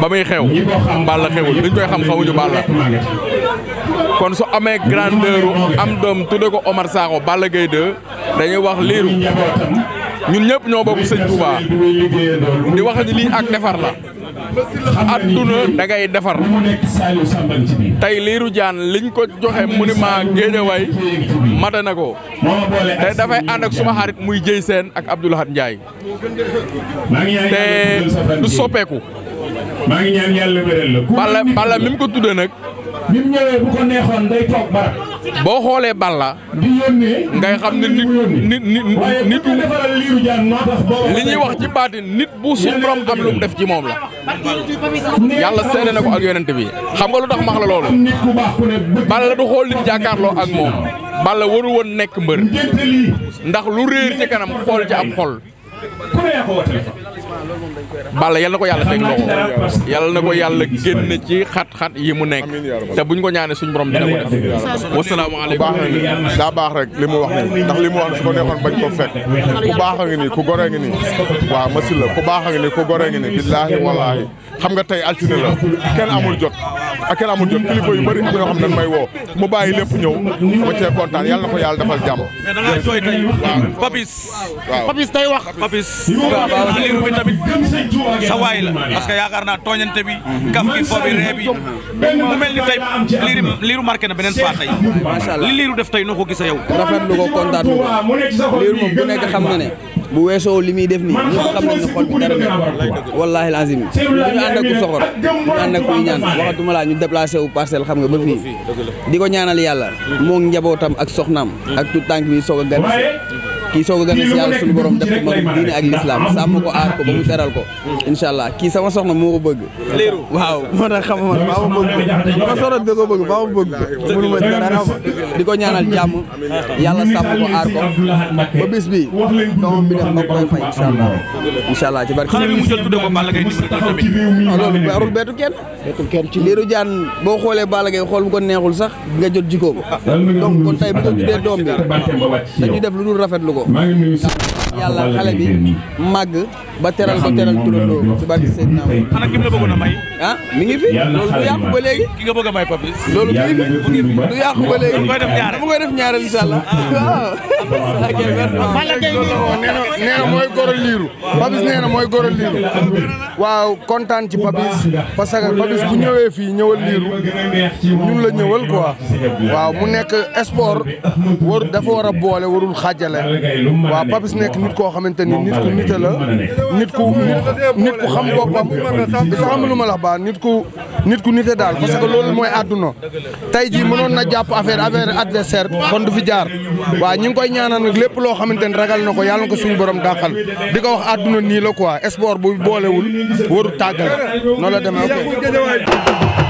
ba muy xew Balla xewul duñ koy xam xamuñu Balla kon su amee grandeur am doom tudde ko Omar Sakho Balla Gaye dañuy wax liiru ñun ñëpp ñoo bokk sëñ Touba di wax ni lii ak defar la adduna da ngay defar tey liiru jaan liñ ko joxe monument Guédiawaye mate na ko te dafay ànd ak suma xarit muy jëy seen ak Abdoulahat njaay te du soppeeku maa ngi ñaan yàlla wéral la. Balla Balla mi mu ko tuddee nag. bi mu ñëwee bu ko neexoon day toog barab. boo xoolee Balla. di ngay xam ne nit nit nit nit li ñuy wax ci baatin nit bu suñu borom am lu mu def ci moom la. yàlla seede na ko ak yonent bi xam nga lu tax max la loolu. Balla du xool nit jàkkaarloo ak moom. Balla waru woon nekk mbër. ndax lu réer ci kanam xool ci ab xol. Balla yal na ko yàlla teg loxo yal na ko yàlla génn ci xat-xat yi mu nekk te buñ ko ñaanee suñu borom dina ko a a defal jàmm mais da tey wax papis sa waay la parce que yaakaar naa tooñante bi kaf gi fo bi ree bi mu mel ni tey liiru liiru na beneen paa tey macha allah li liiru def tey noo ko gisa yow rafetlu ko kontaan ko liiru moom ku nekk xam na ne bu weesoow li muy def nii ñëpp xam nañ ne xol bi dara nekk wallaahi lazim bu ñu ànd ak ku soxor ñu ànd ak kuy ñaan waxatuma laa ñu déplacé wu parcelle xam nga ba fii di ko ñaanal yàlla moo njabootam ak soxnaam ak tout tànk bi soog a gan kii soog a gën a si yàlla suñu borom def ko mag diine ak lislaam ah. sàmm ko aar ko ba mu teral ko incha allah kii soxna moo ko bëgg waaw moo tax xam man maa ma bëgg sama soxna da ko bëgg maa ma bëgg mënu ma dara xam di ko ñaanal jàmm yàlla sàmm ko aar ko ba bis bi doomam bi def ma koy fay incha allah incha allah ci barke mu jël tudde ko Balla Gaye ah, loolu warul boo xoolee Balla Gaye xool bu ko neexul sax nga jot jikkoom ah, donc doom bi dañuy def lu dul rafetlu ko maa ngi nuyu yàlla xale bi màgg ba teral ba teral turandoo ci barke Seydina ana kim ah, mi ngi fi loolu du yàqu a loolu mi ngi fi du yàqu ba léegi dama koy def ñaareel incha allah waaw ah. ah. waaw kontaan ci Papis parce que Papis bu ñëwee fii ñëwal liiru ñun la ñëwal quoi waaw mu nekk sport war dafa war a boole warul xaajale waaw Papis nekk nit koo xamante ni nit ku nite la nit ku nit ku xam boppam sax am lu ma la baa nit ku nit ku nite daal parce que loolu mooy àdduna tey jii mënoon na jàpp affaire affaire adversaire kon du fi jaar waa ñi ngi koy ñaanal nag lépp loo xamante ni ragal na ko yàlla na ko suñu borom dàqal di ko wax àdduna nii la quoi sport bu boolewul waru tàggal noonu la demee ok